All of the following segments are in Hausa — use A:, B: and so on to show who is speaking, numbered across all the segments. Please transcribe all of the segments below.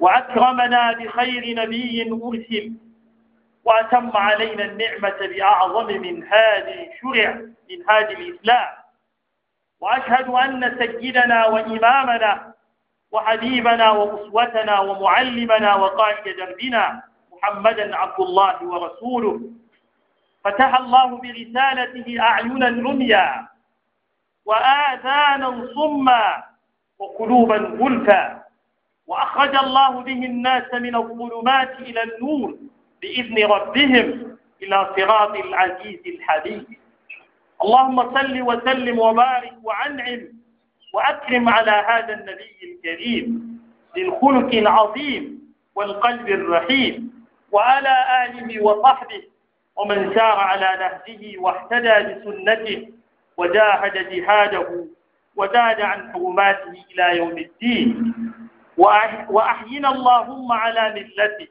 A: وأكرمنا بخير نبي أرسل وأتم علينا النعمة بأعظم من هذه شرع من هذه الإسلام وأشهد أن سيدنا وإمامنا وحبيبنا وأسوتنا ومعلمنا وقائد دربنا محمدا عبد الله ورسوله فتح الله برسالته أعينا رميا وآذانا صما وقلوبا غلفا وأخرج الله به الناس من الظلمات إلى النور بإذن ربهم إلى صراط العزيز الحبيب اللهم صل وسلم وبارك وأنعم وأكرم على هذا النبي الكريم ذي الخلق العظيم والقلب الرحيم وعلى آله وصحبه ومن سار على نهجه واهتدى بسنته وجاهد جهاده وزاد عن حرماته إلى يوم الدين وأحينا اللهم على ملته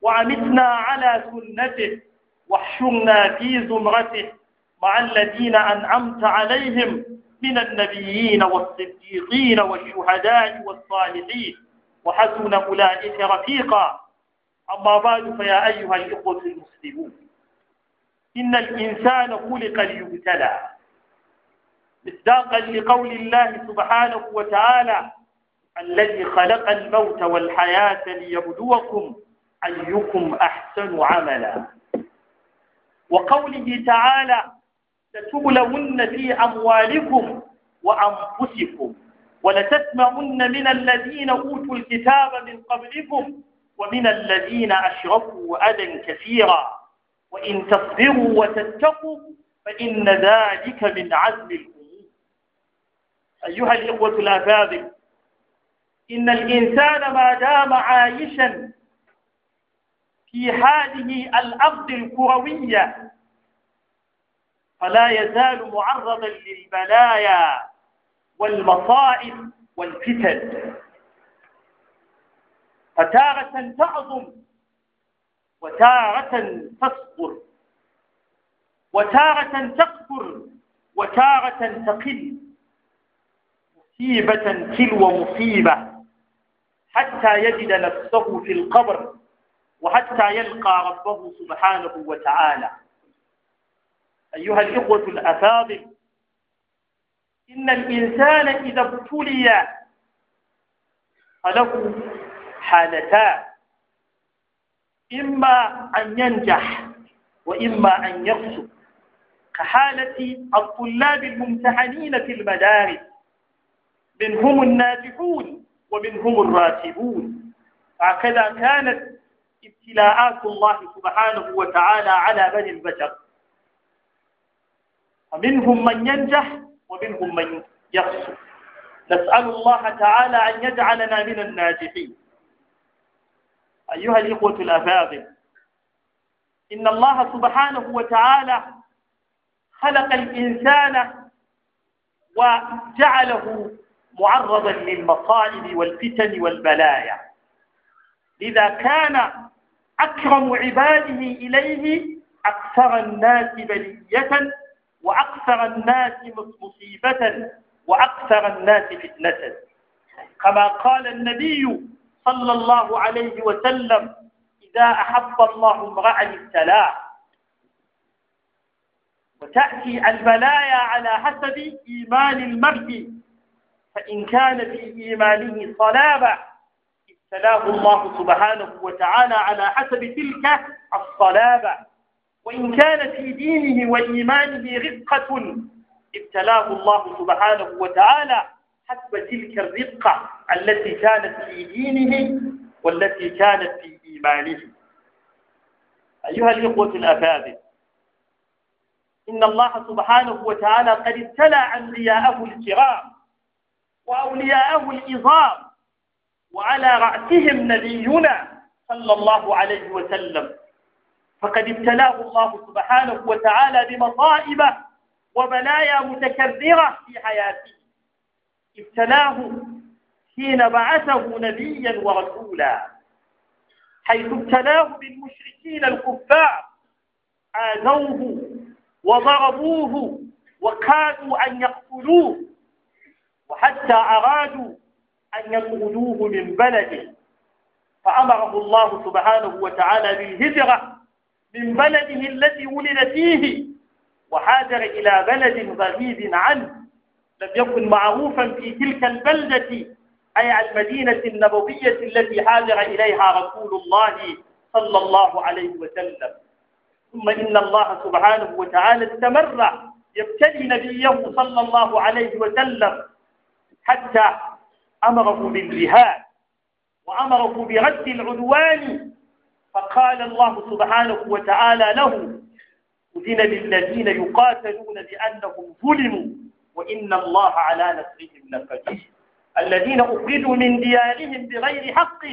A: وأمتنا على سنته واحشرنا في زمرته مع الذين أنعمت عليهم من النبيين والصديقين والشهداء والصالحين وحسن أولئك رفيقا أما بعد فيا أيها الإخوة المسلمون إن الإنسان خلق ليبتلى مصداقا لقول الله سبحانه وتعالى الذي خلق الموت والحياة ليبلوكم أيكم أحسن عملا وقوله تعالى لتبلون في أموالكم وأنفسكم ولتسمعن من الذين أوتوا الكتاب من قبلكم ومن الذين أشركوا أذى كثيرا وإن تصبروا وتتقوا فإن ذلك من عزم الأمور أيها الإخوة الأفاضل إن الإنسان ما دام عايشا في هذه الأرض الكروية فلا يزال معرضا للبلايا والمصائب والفتن فتارة تعظم وتارة تصغر وتارة تكبر وتارة تقل مصيبة تلو مصيبة حتى يجد نفسه في القبر وحتى يلقى ربه سبحانه وتعالى أيها الإخوة الأفاضل إن الإنسان إذا ابتلي فله حالتان إما أن ينجح وإما أن يفسق كحالة الطلاب الممتحنين في المدارس منهم الناجحون ومنهم الراتبون هكذا كانت ابتلاءات الله سبحانه وتعالى على بني البشر فمنهم من ينجح ومنهم من يخسر نسأل الله تعالى أن يجعلنا من الناجحين أيها الإخوة الأفاضل إن الله سبحانه وتعالى خلق الإنسان وجعله معرضا للمصائب والفتن والبلايا لذا كان أكرم عباده إليه أكثر الناس بلية وأكثر الناس مصيبة وأكثر الناس فتنة كما قال النبي صلى الله عليه وسلم إذا أحب الله امرأ ابتلاء وتأتي البلايا على حسب إيمان المرء فإن كان في إيمانه صلابة ابتلاه الله سبحانه وتعالى على حسب تلك الصلابة وإن كان في دينه وإيمانه رقة ابتلاه الله سبحانه وتعالى حسب تلك الرقة التي كانت في دينه والتي كانت في إيمانه أيها الإخوة الأفاضل إن الله سبحانه وتعالى قد ابتلى أنبياءه الكرام وأولياءه الإظام وعلى رأسهم نبينا صلى الله عليه وسلم فقد ابتلاه الله سبحانه وتعالى بمصائب وبلايا متكررة في حياته ابتلاه حين بعثه نبيا ورسولا حيث ابتلاه بالمشركين الكفار آذوه وضربوه وكادوا أن يقتلوه وحتى أرادوا أن يطردوه من بلده فأمره الله سبحانه وتعالى بالهجرة من بلده الذي ولد فيه وهاجر إلى بلد غريب عنه لم يكن معروفا في تلك البلدة أي المدينة النبوية التي هاجر إليها رسول الله صلى الله عليه وسلم ثم إن الله سبحانه وتعالى استمر يبتلي نبيه صلى الله عليه وسلم حتى أمره بالجهاد وأمره برد العدوان فقال الله سبحانه وتعالى له أذن للذين يقاتلون بأنهم ظلموا وإن الله على نصرهم لقدير الذين أخرجوا من ديارهم بغير حق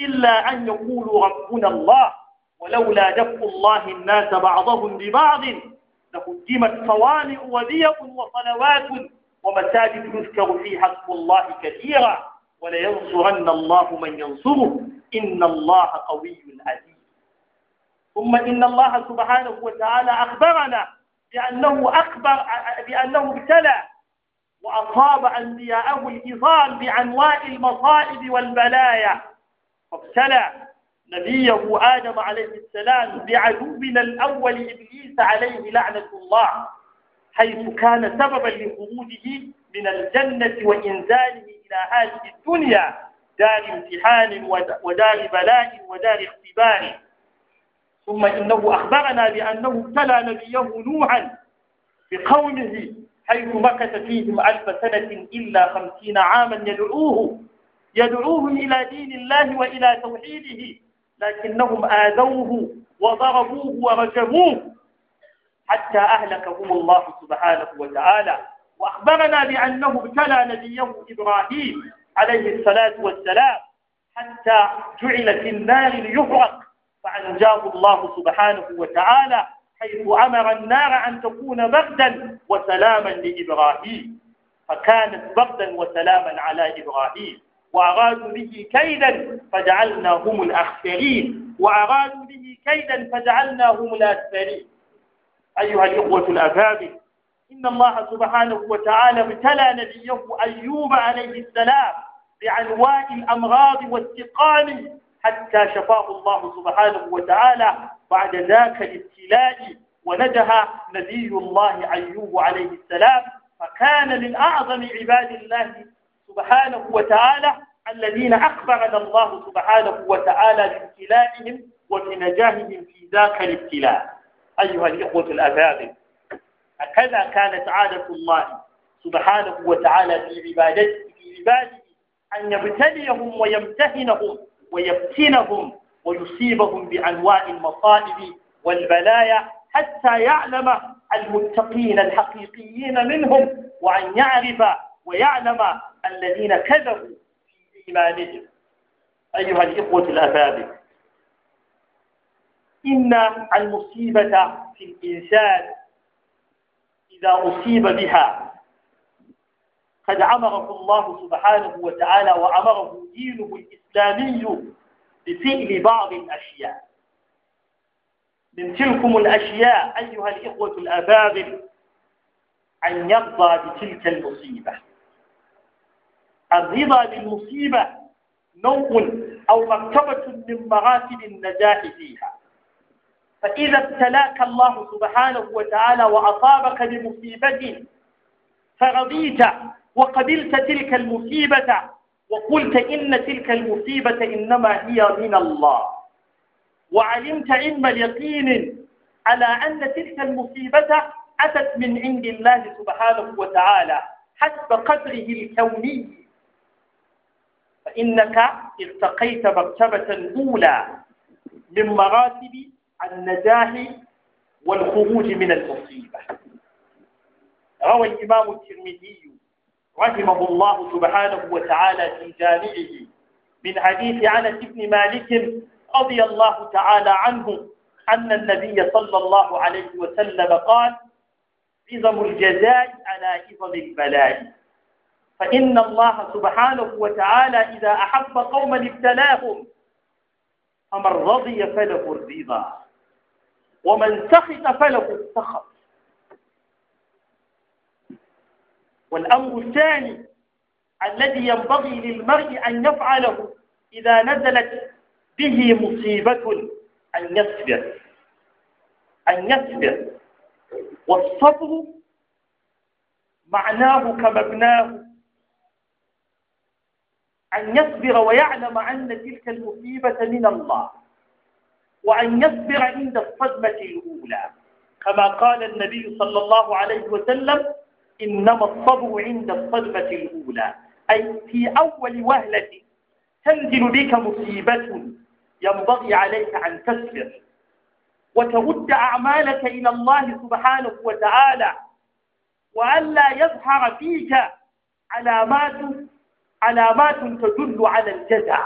A: إلا أن يقولوا ربنا الله ولولا دفع الله الناس بعضهم ببعض لقدمت صوامع وبيع وصلوات ومساجد يذكر فيها اسم الله كثيرا ولينصرن الله من ينصره إن الله قوي عزيز ثم إن الله سبحانه وتعالى أخبرنا بأنه أخبر بأنه ابتلى وأصاب أنبياءه الإظام بأنواع المصائب والبلايا فابتلى نبيه آدم عليه السلام بعدونا الأول إبليس عليه لعنة الله حيث كان سببا لخروجه من الجنة وإنزاله إلى هذه الدنيا دار امتحان ودار بلاء ودار اختبار ثم إنه أخبرنا بأنه ابتلى نبيه نوحا بقومه حيث مكث فيهم ألف سنة إلا خمسين عاما يدعوه يدعوهم إلى دين الله وإلى توحيده لكنهم آذوه وضربوه ورجموه حتى أهلكهم الله سبحانه وتعالى وأخبرنا بأنه ابتلى نبيه إبراهيم عليه الصلاة والسلام حتى جعل في النار ليفرق فأنجاه الله سبحانه وتعالى حيث أمر النار أن تكون بغدا وسلاما لإبراهيم فكانت بغدا وسلاما على إبراهيم وأرادوا به كيدا فجعلناهم الأخسرين وأرادوا به كيدا فجعلناهم الأسفلين أيها الإخوة الأفاضل إن الله سبحانه وتعالى ابتلى نبيه أيوب عليه السلام بعنواء الأمراض والسقام حتى شفاه الله سبحانه وتعالى بعد ذاك الابتلاء ونجح نبي الله أيوب عليه السلام فكان من أعظم عباد الله سبحانه وتعالى الذين أخبرنا الله سبحانه وتعالى بابتلائهم وبنجاههم في ذاك الابتلاء أيها الإخوة الأفاضل هكذا كانت عادة الله سبحانه وتعالى في عبادته في عباده أن يبتليهم ويمتهنهم ويفتنهم ويصيبهم بأنواع المصائب والبلايا حتى يعلم المتقين الحقيقيين منهم وأن يعرف ويعلم الذين كذبوا في إيمانهم أيها الإخوة الأفاضل إن المصيبة في الإنسان إذا أصيب بها قد أمره الله سبحانه وتعالى وأمره دينه الإسلامي بفعل بعض الأشياء من تلكم الأشياء أيها الإخوة الأبابل أن يرضى بتلك المصيبة الرضا بالمصيبة نوع أو مرتبة من مراتب النجاح فيها فإذا ابتلاك الله سبحانه وتعالى وأصابك بمصيبة فرضيت وقبلت تلك المصيبة وقلت إن تلك المصيبة إنما هي من الله وعلمت علم اليقين على أن تلك المصيبة أتت من عند الله سبحانه وتعالى حسب قدره الكوني فإنك ارتقيت مرتبة أولى من مراتب النجاح والخروج من المصيبة روى الإمام الترمذي رحمه الله سبحانه وتعالى في جامعه من حديث أنس بن مالك رضي الله تعالى عنه أن النبي صلى الله عليه وسلم قال عظم الجزاء على عظم البلاء فإن الله سبحانه وتعالى إذا أحب قوما ابتلاهم فمن رضي فله الرضا ومن سخط فله السخط والأمر الثاني الذي ينبغي للمرء أن يفعله إذا نزلت به مصيبة أن يصبر أن يصبر والصبر معناه كمبناه أن يصبر ويعلم أن تلك المصيبة من الله وأن يصبر عند الصدمة الأولى كما قال النبي صلى الله عليه وسلم إنما الصبر عند الصدمة الأولى أي في أول وهلة تنزل بك مصيبة ينبغي عليك أن تصبر وترد أعمالك إلى الله سبحانه وتعالى وألا يظهر فيك علامات علامات تدل على الجزع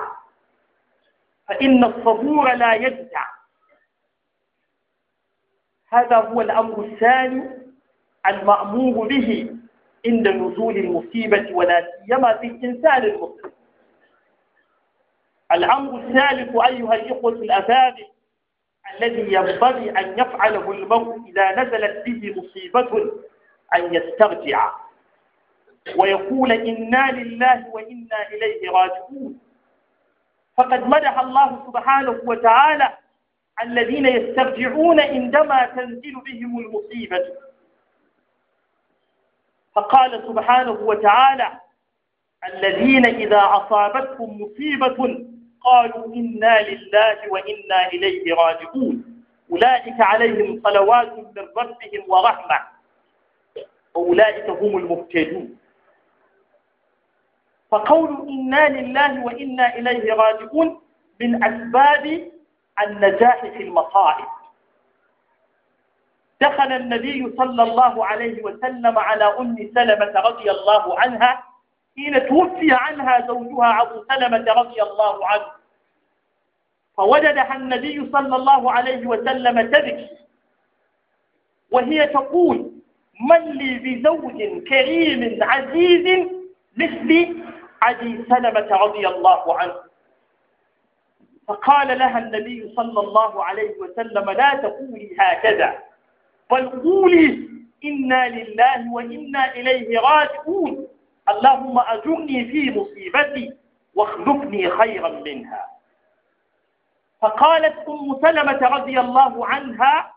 A: فإن الصبور لا يجزع هذا هو الأمر الثاني المأمور به عند نزول المصيبة ولا سيما في الإنسان المصيب الأمر الثالث أيها الإخوة الأفاضل الذي ينبغي أن يفعله المرء إذا نزلت به مصيبة أن يسترجع ويقول إنا لله وإنا إليه راجعون فقد مدح الله سبحانه وتعالى الذين يسترجعون عندما تنزل بهم المصيبة فقال سبحانه وتعالى الذين إذا أصابتهم مصيبة قالوا إنا لله وإنا إليه راجعون أولئك عليهم صلوات من ربهم ورحمة وأولئك هم المهتدون فقول إنا لله وإنا إليه راجعون من أسباب النجاح في المصائب دخل النبي صلى الله عليه وسلم على أم سلمة رضي الله عنها حين توفي عنها زوجها أبو سلمة رضي الله عنه
B: فوجدها
A: النبي صلى الله عليه وسلم تبكي وهي تقول من لي بزوج كريم عزيز مثلي أبي سلمة رضي الله عنه فقال لها النبي صلى الله عليه وسلم لا تقولي هكذا بل قولي إنا لله وإنا إليه راجعون اللهم أجرني في مصيبتي واخلفني خيرا منها فقالت أم سلمة رضي الله عنها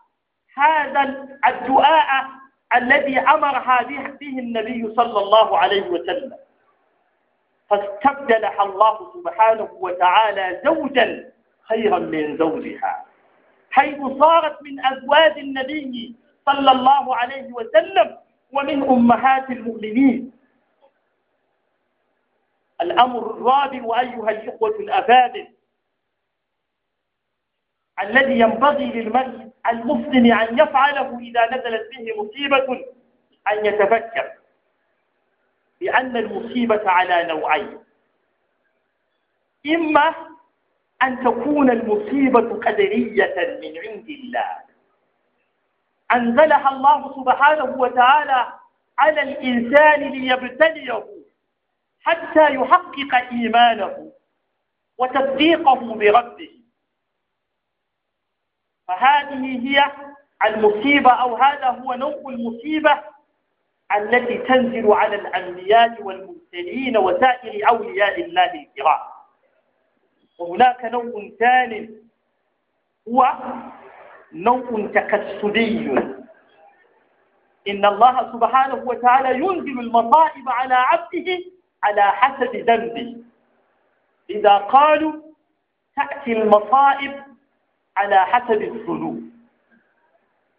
A: هذا الدعاء الذي أمرها به النبي صلى الله عليه وسلم فاستبدلها الله سبحانه وتعالى زوجا خيرا من زوجها حيث صارت من أزواج النبي صلى الله عليه وسلم ومن أمهات المؤمنين الأمر الرابع أيها الإخوة الأفاضل الذي ينبغي للمرء المسلم أن يفعله إذا نزلت به مصيبة أن يتفكر بأن المصيبة على نوعين إما أن تكون المصيبة قدرية من عند الله أنزلها الله سبحانه وتعالى على الإنسان ليبتليه حتى يحقق إيمانه وتصديقه بربه فهذه هي المصيبة أو هذا هو نوع المصيبة التي تنزل على الأنبياء والمرسلين وسائر أولياء الله الكرام وهناك نوع ثاني هو نوع تكسبي إن الله سبحانه وتعالى ينزل المصائب على عبده على حسب ذنبه إذا قالوا تأتي المصائب على حسب الذنوب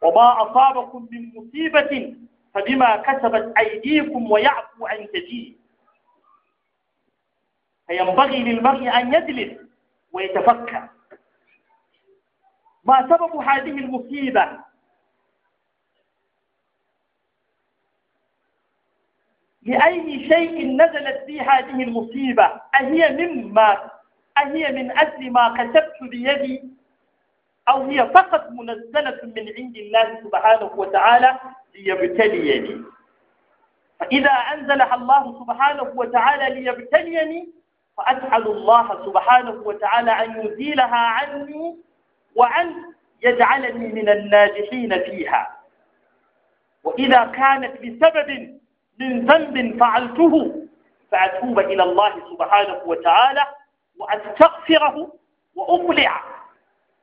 A: وما أصابكم من مصيبة فبما كسبت أيديكم ويعفو عن كثير فينبغي للمرء أن يجلس ويتفكر ما سبب هذه المصيبة لأي شيء نزلت في هذه المصيبة أهي مما أهي من أجل ما كسبت بيدي أو هي فقط منزلة من عند الله سبحانه وتعالى ليبتليني فإذا أنزلها الله سبحانه وتعالى ليبتليني فأسأل الله سبحانه وتعالى أن يزيلها عني وأن يجعلني من الناجحين فيها وإذا كانت بسبب من ذنب فعلته فأتوب إلى الله سبحانه وتعالى وأستغفره وأقلع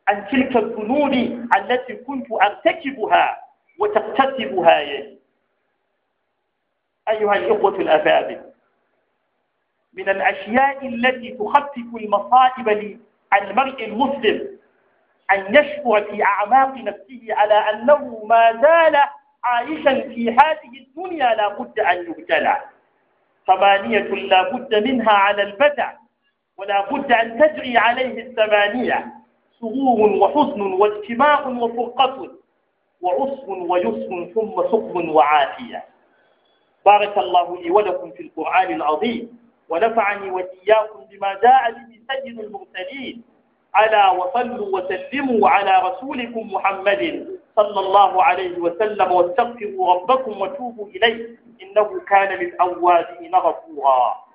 A: عن تلك الذنوب التي كنت أرتكبها وتقتسبها أيها الإخوة الأفاضل من الأشياء التي تخفف المصائب للمرء المسلم أن يشفع في أعماق نفسه على أنه ما زال عايشا في هذه الدنيا لا بد أن يبتلى ثمانية لا بد منها على البدع ولا بد أن تجري عليه الثمانية سرور وحزن واجتماع وفرقة وعسر ويسر ثم سقم وعافية بارك الله لي ولكم في القرآن العظيم ونفعني وإياكم بما جاء به سيد المرسلين ألا وصلوا وسلموا على رسولكم محمد صلى الله عليه وسلم واستغفروا ربكم وتوبوا إليه إنه كان للأوابين غفورا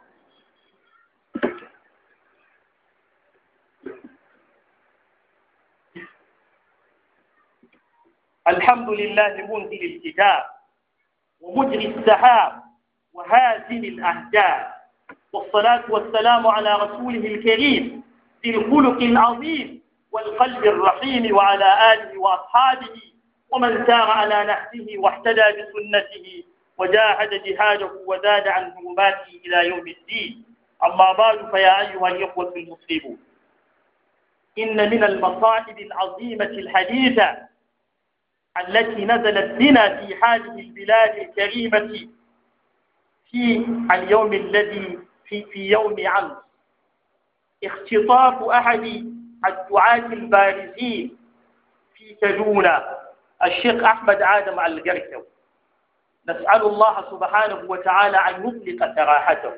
A: الحمد لله منزل الكتاب ومجري السحاب وهازم الأهداف والصلاة والسلام على رسوله الكريم ذي الخلق العظيم والقلب الرحيم وعلى آله وأصحابه ومن سار على نهجه واحتدى بسنته وجاهد جهاده وزاد عن ظلماته إلى يوم الدين أما بعد فيا أيها الإخوة المسلمون إن من المصائب العظيمة الحديثة التي نزلت بنا في هذه البلاد الكريمة في اليوم الذي في, في يوم عمد اختطاف أحد الدعاة البارزين في تلونا الشيخ أحمد عادم القركو نسأل الله سبحانه وتعالى أن يطلق سراحته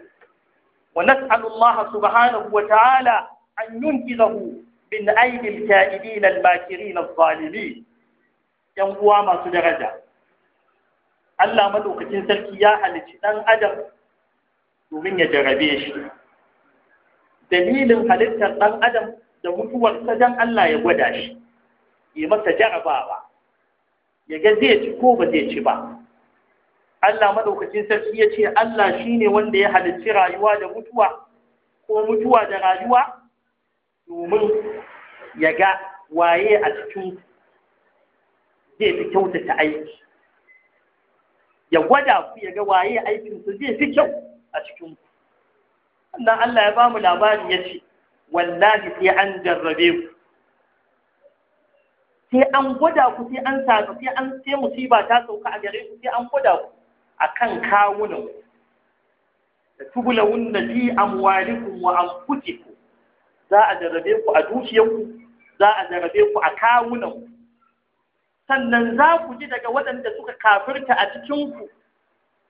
A: ونسأل الله سبحانه وتعالى أن ينقذه من أيدي الكائدين الماكرين الظالمين ‘yan uwa masu daraja. Allah maɗaukacin sarki ya halicci ɗan adam domin ya jarabe shi. Dalilin halittar ɗan adam da mutuwarsa don Allah ya gwada shi, ya masa jarabawa, ya ga zai ci ko ba zai ci ba. Allah maɗaukacin sarki ya ce Allah shi ne wanda ya halicci rayuwa da mutuwa ko mutuwa da rayuwa domin ya ga waye a cikin zai fi kyautata aiki ya gwada ku ya ga waye aikinsa zai fi kyau a cikin ku sannan Allah ya ba mu labari ya ce wallahi sai an jarrabe ku sai an gwada ku sai an sa sai an sai musiba ta sauka a gare ku sai an gwada ku akan kawunan ku da an fi amwalikum wa anfusikum za a jarrabe ku a dukiyarku za a jarrabe ku a kawunan ku sannan za ku ji daga waɗanda suka kafirta a cikinku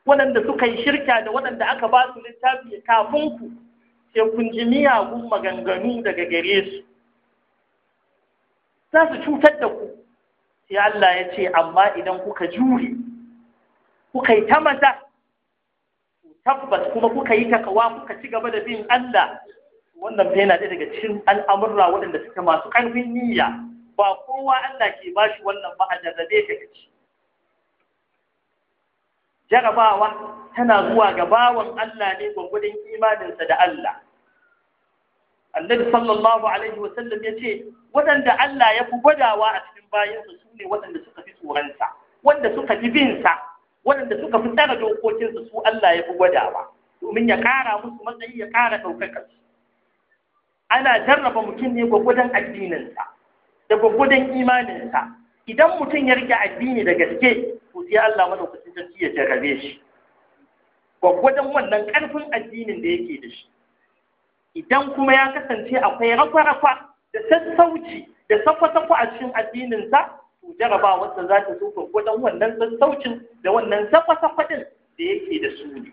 A: waɗanda suka yi shirka da waɗanda aka ba su littafi kafin ku ke kun ji miyagun maganganu daga gare su za su cutar da ku sai Allah ya ce amma idan kuka jure kuka yi ta maza tabbas kuma kuka yi takawa kuka ci gaba da bin Allah wannan bai yana daga cikin al'amurra waɗanda suka masu ƙarfin niyya ba kowa Allah ke ba shi wannan ba a jarrabe ka kaci jarabawa tana zuwa ga bawan Allah ne gwangwadon imaninsa da Allah annabi sallallahu alaihi wa ya ce waɗanda Allah ya fi gwadawa a cikin bayansa su ne waɗanda suka fi tsoronsa wanda suka fi binsa waɗanda suka fi tsara dokokinsa su Allah ya fi gwadawa domin ya ƙara musu matsayi ya kara ɗaukakar ana jarraba mutum ne gwagwadon addininsa da gwaggwadon imaninsa idan mutum ya rike addini da gaske ko sai Allah madaukakin sarki ya jarabe shi gwaggwadon wannan karfin addinin da yake da shi idan kuma ya kasance akwai rafa-rafa da sassauci da safa-safa a cikin addininsa to wanda za ta zo gwaggwadon wannan sassaucin da wannan safa-safa din da yake da su ne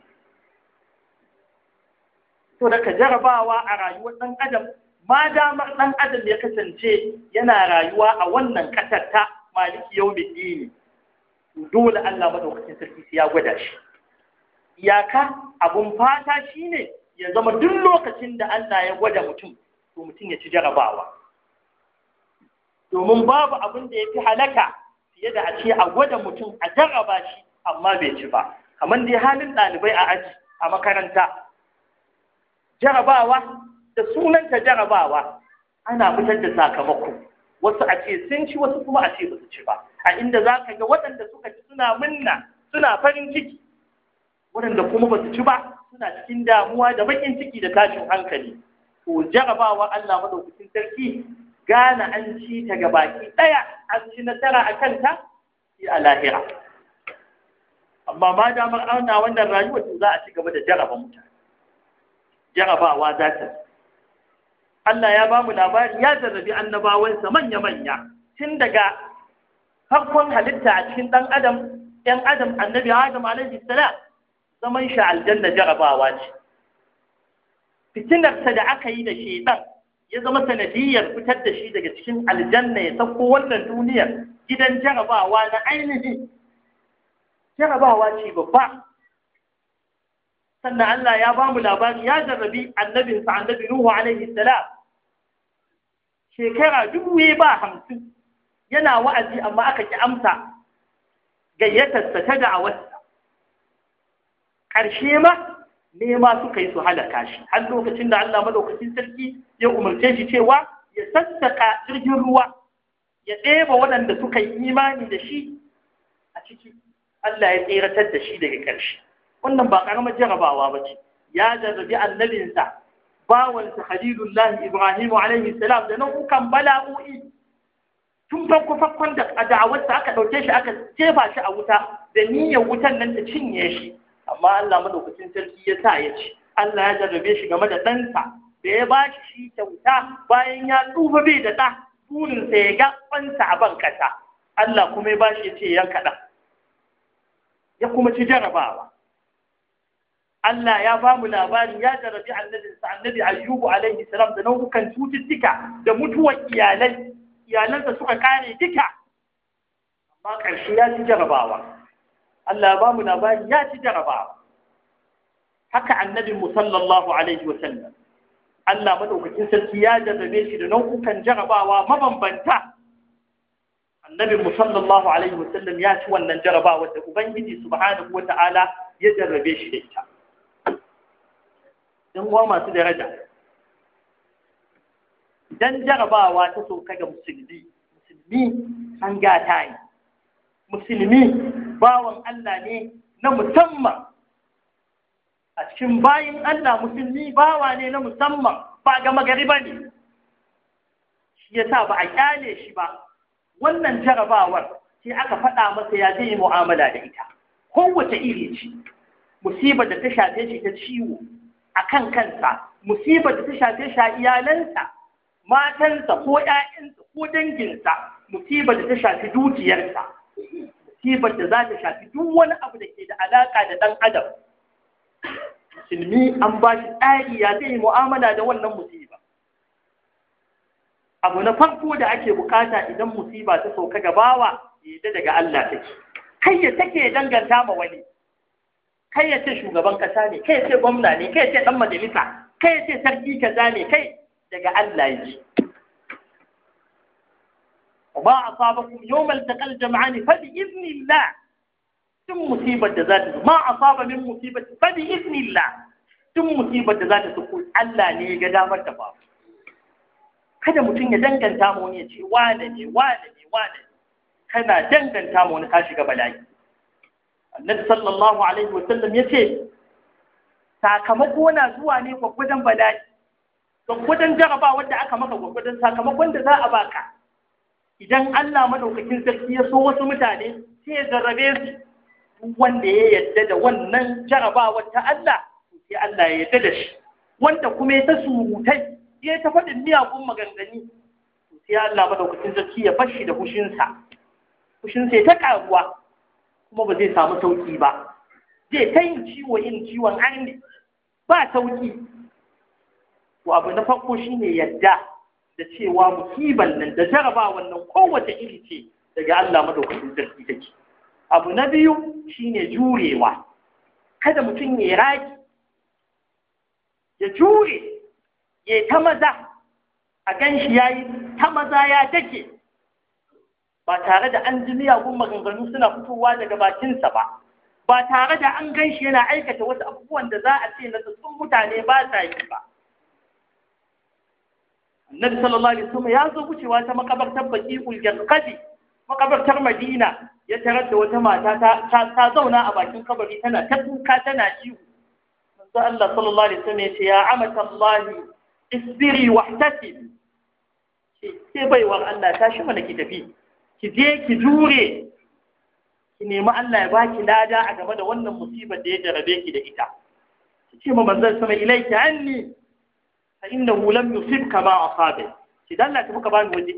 A: to daga jarabawa a rayuwar ɗan adam ba damar ɗan adam ya kasance yana rayuwa a wannan ƙasar ta maliki yau dini dole Allah maɗaukacin sarki ya gwada shi iyaka abun fata shine ya zama duk lokacin da Allah ya gwada mutum to mutum ya ci jarabawa domin babu abin da ya fi halaka fiye da a ce a gwada mutum a jarraba shi amma bai ci ba kamar dai halin ɗalibai a aji a makaranta jarabawa da sunanta jarabawa ana fitar da sakamako wasu a ce sun ci wasu kuma a ce ba su ci ba a inda za ka ga waɗanda suka ci suna munna suna farin ciki waɗanda kuma ba su ci ba suna cikin damuwa da baƙin ciki da tashin hankali to jarabawa Allah madaukakin sarki gane an ci ta ga baki ɗaya an ci nasara a kanta sai a lahira amma ma damar ana wannan rayuwar to za a ci gaba da jaraba mutane jarabawa za ta Allah ya ba mu labari ya jarrabi annabawansa manya-manya tun daga farkon halitta a cikin ɗan adam ɗan adam annabi adam alaihi salam zaman shi aljanna jarabawa ce fitinarsa da aka yi da shedan ya zama sanadiyar fitar da shi daga cikin aljanna ya sauko wannan duniyar gidan jarabawa na ainihi jarabawa ce babba sannan Allah ya ba mu labari ya jarrabi annabinsa annabi Nuhu alaihi salam shekara dubu ya ba hamsin yana wa'azi amma aka ki amsa gayyatarsa ta da'awarsa ƙarshe ma nema suka yi su halaka shi har lokacin da Allah madaukakin sarki ya umarce shi cewa ya sassaka jirgin ruwa ya ɗeba waɗanda suka yi imani da shi a ciki Allah ya tseratar da shi daga ƙarshe wannan ba karamar jarabawa ba ce ya jarrabi annabinsa bawansa khalilullahi ibrahim alaihi salam da nau'ukan bala'o'i tun farko farkon da a da'awarsa aka ɗauke shi aka jefa shi a wuta da niyyar wutan nan ta cinye shi amma Allah madaukakin sarki ya sa ya ci Allah ya jarrabe shi game da ɗansa da ya ba shi kyauta bayan ya tsufa bai da ɗa burinsa ya ga ɗansa a ban ƙasa Allah kuma ya bashi ya ce yanka ɗan ya kuma ci jarabawa Allah ya ba mu labari ya jarabi annabinsa annabi ayyubu alaihi salam da nau'ukan cututtuka da mutuwar iyalai iyalansa suka kare duka amma ƙarshe ya ci jarabawa Allah ya ba mu labari ya ci jarabawa haka annabin mu sallallahu alaihi wa sallam Allah madaukakin sarki ya jarrabe shi da nau'ukan jarabawa mabambanta annabin mu sallallahu alaihi wa sallam ya ci wannan jarabawa da ubangiji subhanahu wa ta'ala ya jarrabe shi da ita yan uwa masu daraja idan jarabawa ta sauka ga musulmi musulmi an gata ne musulmi bawan Allah ne na musamman a cikin bayin Allah musulmi bawa ne na musamman ba ga magari ba ne shi ya sa ba a kyale shi ba wannan jarabawar sai aka faɗa masa ya zai yi mu'amala da ita kowace iri ce musibar da ta shafe shi ta ciwo a kan kansa musibar da ta shafe shi iyalansa matansa ko ‘ya'yansa ko danginsa musibar da ta shafi dukiyarsa musibar da za ta shafi duk wani abu da ke da alaƙa da ɗan adam musulmi an ba shi tsari ya zai mu'amala da wannan musiba abu na farko da ake bukata idan musiba ta sauka gabawa yadda daga Allah take kai ya take danganta ma wani kai ya ce shugaban kasa ne kai ya ce gwamna ne kai ya ce dan majalisa kai ya ce sarki kaza ne kai daga Allah ji. Ba a saba musibar da za ta التقى الجمعان a saba min musibar ذات ما izini la tun musibar da za ta ذات تقول Allah ne ya ga damar da ba kada mutum ya danganta mu ne ce wane ne wane ne wane kana danganta mu ne ka shiga bala'i annabi sallallahu alaihi wasallam ya ce sakamako na zuwa ne gwaggwadon bala'i gwaggwadon jaraba wanda aka maka gwaggwadon sakamakon da za a baka idan Allah madaukakin sarki ya so wasu mutane sai ya jarrabe su wanda ya yadda da wannan jaraba ta Allah sai Allah ya yadda da shi wanda kuma ya ta surutai ya ta faɗin miyagun maganganu sai Allah madaukakin sarki ya fashi da hushinsa hushinsa ya ta ƙaruwa kuma ba zai samu sauki ba zai ta yin ciwo yin ciwon arni ba sauki to abu na farko shine yadda da cewa musibar nan da jaraba wannan kowace iri ce daga Allah madaukakin sarki take abu na biyu shine jurewa kada mutum ya raki ya jure ya ta maza a gan shi ya yi ta maza ya take ba tare da an ji miyagun maganganu suna fitowa daga bakinsa ba ba tare da an gan shi yana aikata wasu abubuwan da za a ce na tsatsun mutane ba sa yi ba annabi sallallahu alaihi wasallam ya zo wucewa ta makabartar baki uljanqadi makabartar madina ya tarar da wata mata ta ta zauna a bakin kabari tana ta kuka tana ciwo manzo Allah sallallahu alaihi wasallam ya ce ya amata Allah isbiri wahtasi sai baiwar Allah ta shi mana ki tafi ki je ki jure ki nemi Allah ya baki lada a game da wannan musibar da ya jarabe ki da ita ki ce ma manzon sama ilaiki anni fa innahu lam yusibka ma asabe ki dalla ki muka bani waje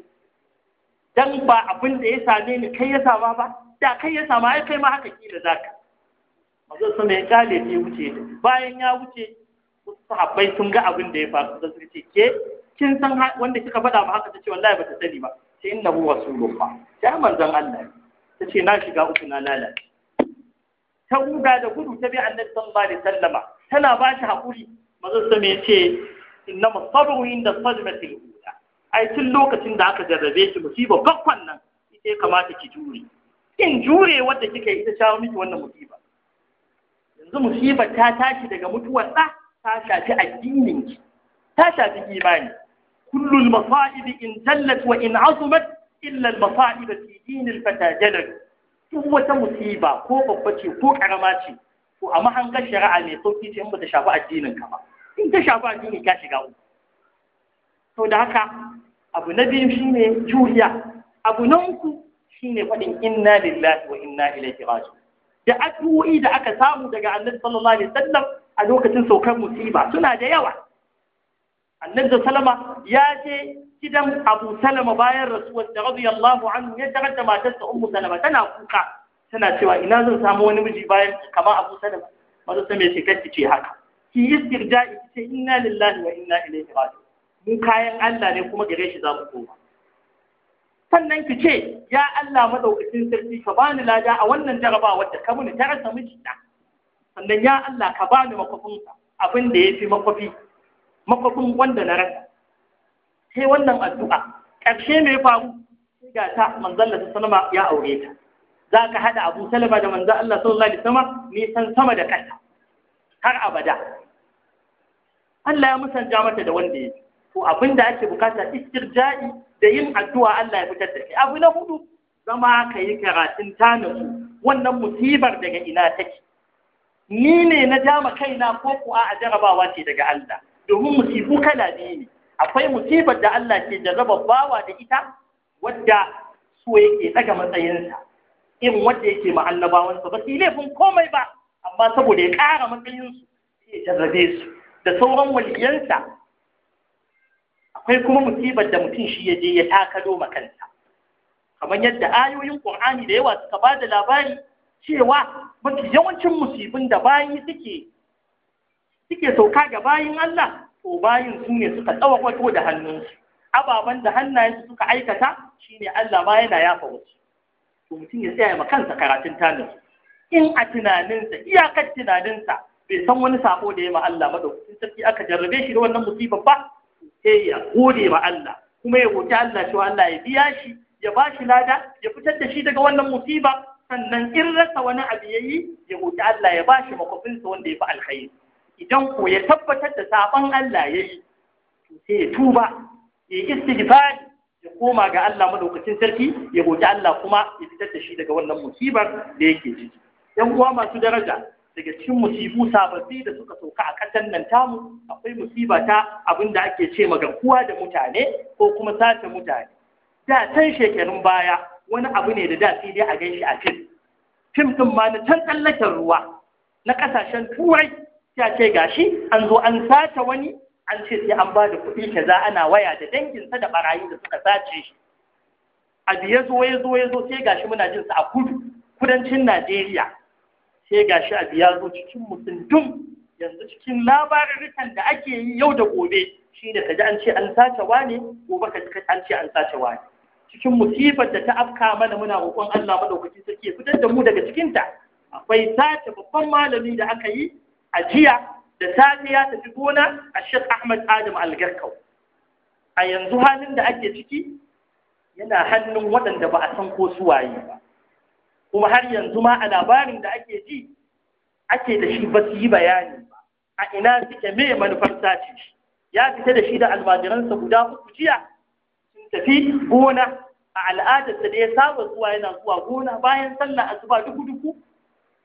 A: dan ba abin da ya same ni kai ya sama ba da kai ya sama ai kai ma haka kila zaka manzon sama ya kale ya wuce bayan ya wuce sahabbai sun ga abin da ya faru da su ce ke kin san wanda kika faɗa ba haka tace wallahi ba ta sani ba na inna hu rasulullah ta manzon Allah ta ce na shiga uku na lalace ta guga da gudu ta bi annabi sallallahu alaihi wasallama tana ba shi haƙuri manzon sa me yace inna masabru inda sadmatil ula ai tun lokacin da aka jarrabe shi musiba bakwan nan ita ya kamata ki jure in jure wadda kika yi ita shawo miki wannan musiba yanzu musibar ta tashi daga mutuwar ɗa ta shafi addinin ki. ta shafi imani كل المصائب إن جلت وإن عظمت إلا المصائب في دين الفتى جلت قوة مصيبة ko ببتي كو كرماتي to amma an shari'a mai sauki ce in ba shafi addinin ka ba in ta shafi addini ka shiga uku to da haka abu na biyu shine juriya shine faɗin inna inna da addu'o'i da aka samu daga annabi sallallahu alaihi wasallam a lokacin saukar musiba suna da yawa annabi salama ya je gidan abu salama bayan rasuwar da radiyallahu anhu ya tarar da matarsa ummu salama tana kuka tana cewa ina zan samu wani miji bayan kama abu salama mazo sai mai shekar ce haka ki istirja'i ce inna lillahi wa inna ilaihi raji'un mu kayan Allah ne kuma gare shi za mu koma sannan ki ce ya Allah madaukakin sarki ka bani lada a wannan jarabawar da ka muni ta rasa mijina sannan ya Allah ka bani makwafin abin da ya fi makwafi makwabin wanda na rasa sai wannan addu'a ƙarshe mai faru sai ga ta manzon Allah sallama ya aure ta za ka haɗa Abu Salama da manzon Allah sallallahu alaihi nisan sama da ƙasa har abada Allah ya musan mata da wanda ya to abin da ake bukata istirja'i da yin addu'a Allah ya fitar da shi abu na hudu zama ka yi karatun tanasu wannan musibar daga ina take ni ne na jama kaina ko kuwa a jarabawa ce daga Allah domin musibu kala biyu ne akwai musibar da Allah ke jarraba bawa da ita wadda so yake daga matsayinsa in wadda yake ma ba su laifin komai ba amma saboda ya ƙara matsayinsu sai ya jarrabe su da sauran waliyansa akwai kuma musibar da mutum shi ya je ya takalo kansa kamar yadda ayoyin ƙur'ani da yawa suka ba da labari cewa mafi yawancin musibin da bayi suke suke sauka ga bayin Allah to bayin su ne suka tsawakwato da hannunsu ababen da hannayensu suka aikata shi ne Allah ma yana yafa wasu to mutum ya tsaya ma kansa karatun tanin in a tunaninsa iyakar tunaninsa bai san wani sako da ya ma Allah In sarki aka jarrabe shi da wannan musibar ba sai ya gode ma Allah kuma ya goce Allah cewa Allah ya biya shi ya ba shi lada ya fitar da shi daga wannan musiba sannan in rasa wani abu ya yi ya goce Allah ya ba shi makwabinsa wanda ya fi alkhairi idan ko ya tabbatar da saban Allah ya yi sai ya tuba ya yi istighfar ya koma ga Allah madaukakin sarki ya roki Allah kuma ya fitar da shi daga wannan musibar da yake ciki yan uwa masu daraja daga cikin musibu sababbi da suka sauka a ƙasar nan tamu akwai musiba ta abin da ake ce kuwa da mutane ko kuma sace mutane da can shekarun baya wani abu ne da da sai dai a ganshi a fim fim ɗin ma na can tsallaken ruwa na kasashen turai ya ce gashi an zo an sace wani an ce sai an ba da kuɗi za ana waya da danginsa da barayi da suka sace shi abu ya zo ya zo ya zo sai gashi muna jin sa a kudu kudancin Najeriya sai gashi abu ya zo cikin mutum yanzu cikin labarurrukan da ake yi yau da gobe shi da kaji an ce an sace wane gobe kaji an ce an sace wane cikin musibar da ta afka mana muna roƙon Allah madaukaki sake fitar da mu daga cikinta akwai sace babban malami da aka yi a jiya da Sani ya tafi gona a Sheikh Ahmad Adam Algarkau a yanzu halin da ake ciki yana hannun waɗanda ba a san ko su waye ba kuma har yanzu ma a labarin da ake ji ake da shi ba su yi bayani ba a ina suke me manufar sace shi ya fita da shi da almajiransa guda uku jiya sun tafi gona a al'adarsa da ya saba zuwa yana zuwa gona bayan sallah asuba duku duku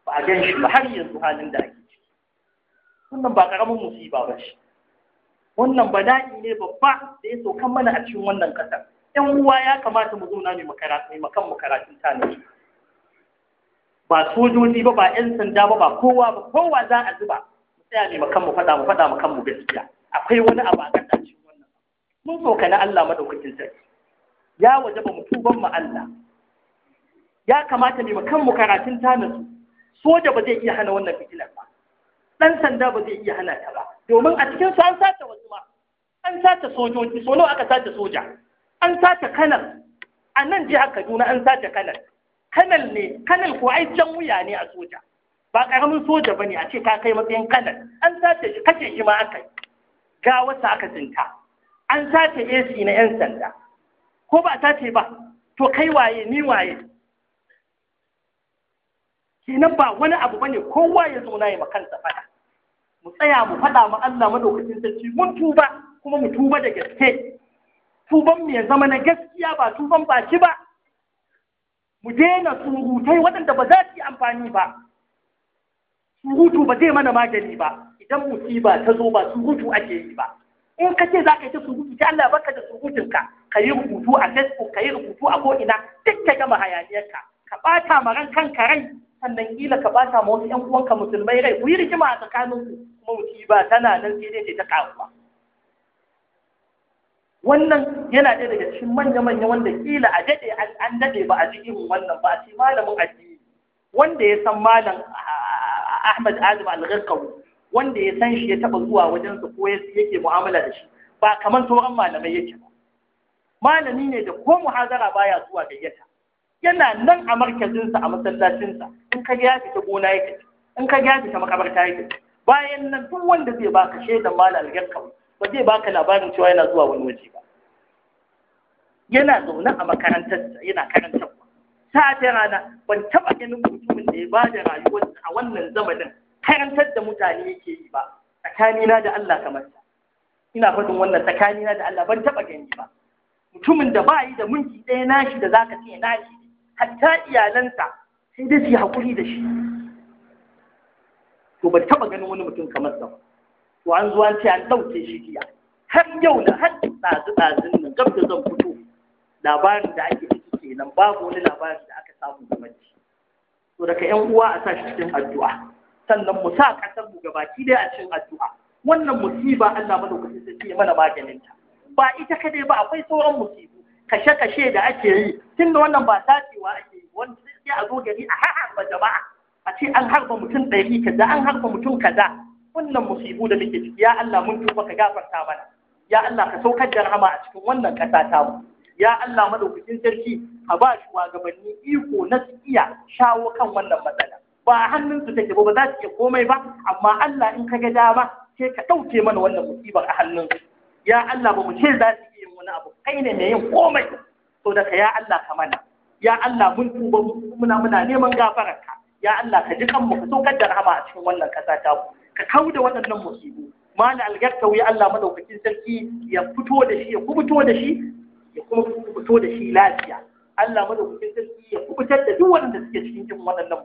A: ba a gan shi ba har yanzu halin da ake wannan ba ƙaramin musiba ba shi wannan bala'i ne babba da ya saukan mana a cikin wannan ƙasar. Yan uwa ya kamata mu zauna mai makan makarantun tanadi ba sojoji ba ba ƴan sanda ba ba kowa ba kowa za a zuba mu tsaya mai makan mu faɗa mu faɗa makan mu gaskiya akwai wani abu a ƙasa cikin wannan mun sauka na Allah madaukakin sarki ya waje ba mu tuban mu Allah ya kamata mai makan mu karatun tanadi soja ba zai iya hana wannan fitilar ba ɗan sanda ba zai iya hana ta ba domin a cikin su an sace wasu ma an sace sojoji so nawa aka sace soja an sace kanal a nan jihar Kaduna an sace kanal kanal ne kanal ko ai can wuya ne a soja ba ƙaramin soja ba ne a ce ka kai matsayin kanal an sace shi kace shi ma aka yi. ga wasu aka zinta an sace AC na yan sanda ko ba sace ba to kai waye ni waye kenan ba wani abu bane kowa ya zo na yi fada mu tsaya mu fada ma Allah madaukakin sarki mun tuba kuma mu tuba da gaske tuban mu ya zama na gaskiya ba tuban baki ba mu daina surutai waɗanda ba za su yi amfani ba surutu ba zai mana magani ba idan musiba ta zo ba surutu ake yi ba in ka ce za ka yi ta surutu ta Allah baka da surutunka ka yi rubutu a Facebook ka yi rubutu a ko'ina duk ka gama hayaniyarka ka ɓata ma ran kanka rai sannan kila ka bata wa wasu ƴan uwanka musulmai rai ku yi rigima a tsakanin kuma ba tana nan sai dai ta karuwa wannan yana ɗaya daga cikin manya-manya wanda kila a daɗe an daɗe ba a jikin wannan ba a ce malamin addini wanda ya san malam Ahmad Adam Al-Ghirqawi wanda ya san shi ya taɓa zuwa wajen ko yake mu'amala da shi ba kamar sauran malamai yake ba malami ne da ko muhazara baya zuwa gayyata yana nan a markazinsa a masallacinsa in ka ya fita gona yake in ka ya fita makabarta yake bayan nan duk wanda zai baka shaidan malal yakkam ba zai baka labarin cewa yana zuwa wani waje ba yana zaune a makarantarsa yana karantarwa ta ta rana ban taba ganin mutumin da ya ba da rayuwar a wannan zamanin karantar da mutane yake yi ba tsakanina da Allah kamar sa ina faɗin wannan tsakanina da Allah ban taba gani ba mutumin da ba yi da mulki ɗaya nashi da zaka ce nashi hatta iyalansa sai dai su yi haƙuri da shi to ban taɓa ganin wani mutum kamar sa ba to an zuwa ce an ɗauke shi jiya. har yau na har ɗazu ɗazun nan gab da zan fito labarin da ake ciki kenan babu wani labarin da aka samu game da shi to daga ƴan uwa a sa shi cikin addu'a sannan mu sa ƙasar mu gabaki dai a cikin addu'a wannan musiba Allah madaukakin sarki ya mana maganin ta ba ita kadai ba akwai sauran musibu kashe-kashe da ake yi tun da wannan ba dacewa ake yi wani sai a zo gari a harba jama'a a ce an harba mutum ɗari kaza an harba mutum kaza wannan musibu da muke ciki ya Allah mun tuba ka gafarta mana ya Allah ka saukar da rahama a cikin wannan ƙasa ta mu ya Allah madaukakin sarki a ba shugabanni iko na su iya shawo kan wannan matsala ba a hannunsu take ba ba za su iya komai ba amma Allah in ka ga dama sai ka ɗauke mana wannan musibar a hannunsu ya Allah ba mu ce za su wani abu kai ne mai yin komai to daga ya Allah ka mana ya Allah mun tuba muna muna neman gafararka ya Allah ka ji kanmu ka saukar da rahama a cikin wannan kasa ta ku ka kauda waɗannan musibu mana algarta wai Allah madaukakin sarki ya fito da shi ya kubuto da shi ya kuma fito da shi lafiya Allah madaukakin sarki ya kubutar da duk waɗanda suke cikin cikin waɗannan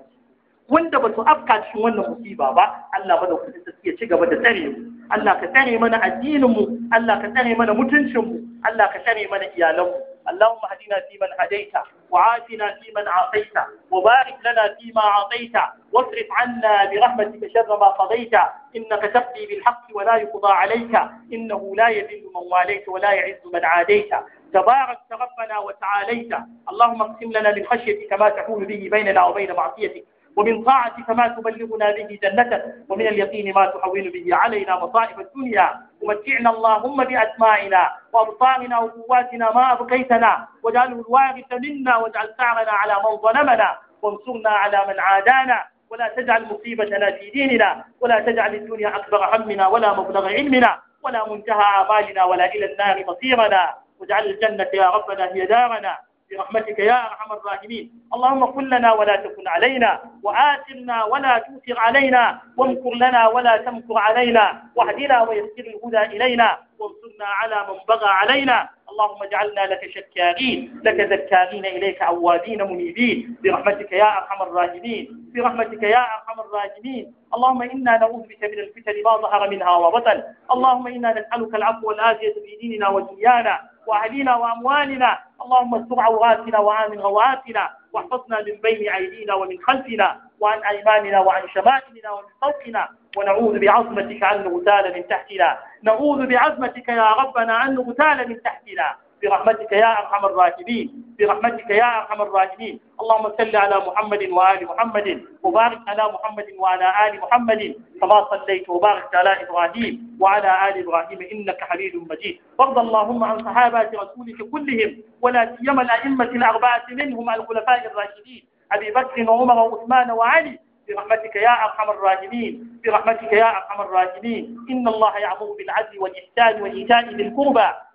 A: wanda ba su afka cikin wannan musiba ba Allah madaukakin sarki ya ci gaba da tsare mu Allah ka tsare mana addinin mu Allah ka tsare mana mutuncin mu الله كشري من mana اللهم اللهم اهدنا فيمن هديت وعافنا فيمن عافيت وبارك لنا فيما عطيت واصرف عنا برحمتك شر ما قضيت انك تقضي بالحق ولا يقضى عليك انه لا يذل من واليت ولا يعز من عاديت تبارك ربنا وتعاليت اللهم اقسم لنا من خشيتك ما تحول به بيننا وبين معصيتك ومن طاعتك ما تبلغنا به جنتك ومن اليقين ما تحول به علينا مصائب الدنيا ومتعنا اللهم بأسمائنا وأبصارنا وقواتنا ما أبقيتنا واجعله الوارث منا واجعل ثأرنا على من ظلمنا وانصرنا على من عادانا ولا تجعل مصيبتنا في ديننا ولا تجعل الدنيا أكبر همنا ولا مبلغ علمنا ولا منتهى آمالنا ولا إلى النار مصيرنا واجعل الجنة يا ربنا هي دارنا برحمتك يا أرحم الراحمين اللهم كن لنا ولا تكن علينا وآثرنا ولا تؤثر علينا وامكر لنا ولا تمكر علينا واهدنا ويسر الهدى إلينا وانصرنا على من بغى علينا اللهم اجعلنا لك شكارين لك ذكارين إليك عوادين منيبين برحمتك يا أرحم الراحمين برحمتك يا أرحم الراحمين اللهم إنا نعوذ بك من الفتن ما ظهر منها وبطن اللهم إنا نسألك العفو والآزية في ديننا ودنيانا وأهلينا وأموالنا اللهم استر عوراتنا وآمن رواتنا واحفظنا من بين أيدينا ومن خلفنا وعن أيماننا وعن شمائلنا ومن فوقنا ونعوذ بعظمتك أن نغتال من تحتنا نعوذ بعظمتك يا ربنا أن نغتال من تحتنا برحمتك يا أرحم الراحمين برحمتك يا أرحم الراحمين اللهم صل على محمد وآل محمد وبارك على محمد وعلى آل محمد كما صليت وباركت على إبراهيم وعلى آل إبراهيم إنك حميد مجيد وارض اللهم عن صحابة رسولك كلهم ولا سيما الأئمة الأربعة منهم الخلفاء الراشدين أبي بكر وعمر وعثمان وعلي برحمتك يا أرحم الراحمين برحمتك يا أرحم الراحمين إن الله يعمر بالعدل والإحسان وإيتاء ذي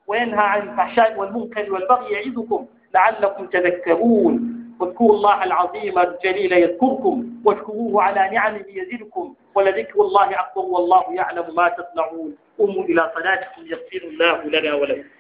A: وينهى عن الفحشاء والمنكر والبغي يعظكم لعلكم تذكرون واذكروا الله العظيم الجليل يذكركم واشكروه على نعمه يزدكم ولذكر الله أكبر والله يعلم ما تصنعون قوموا إلى صلاتكم يغفر الله لنا ولكم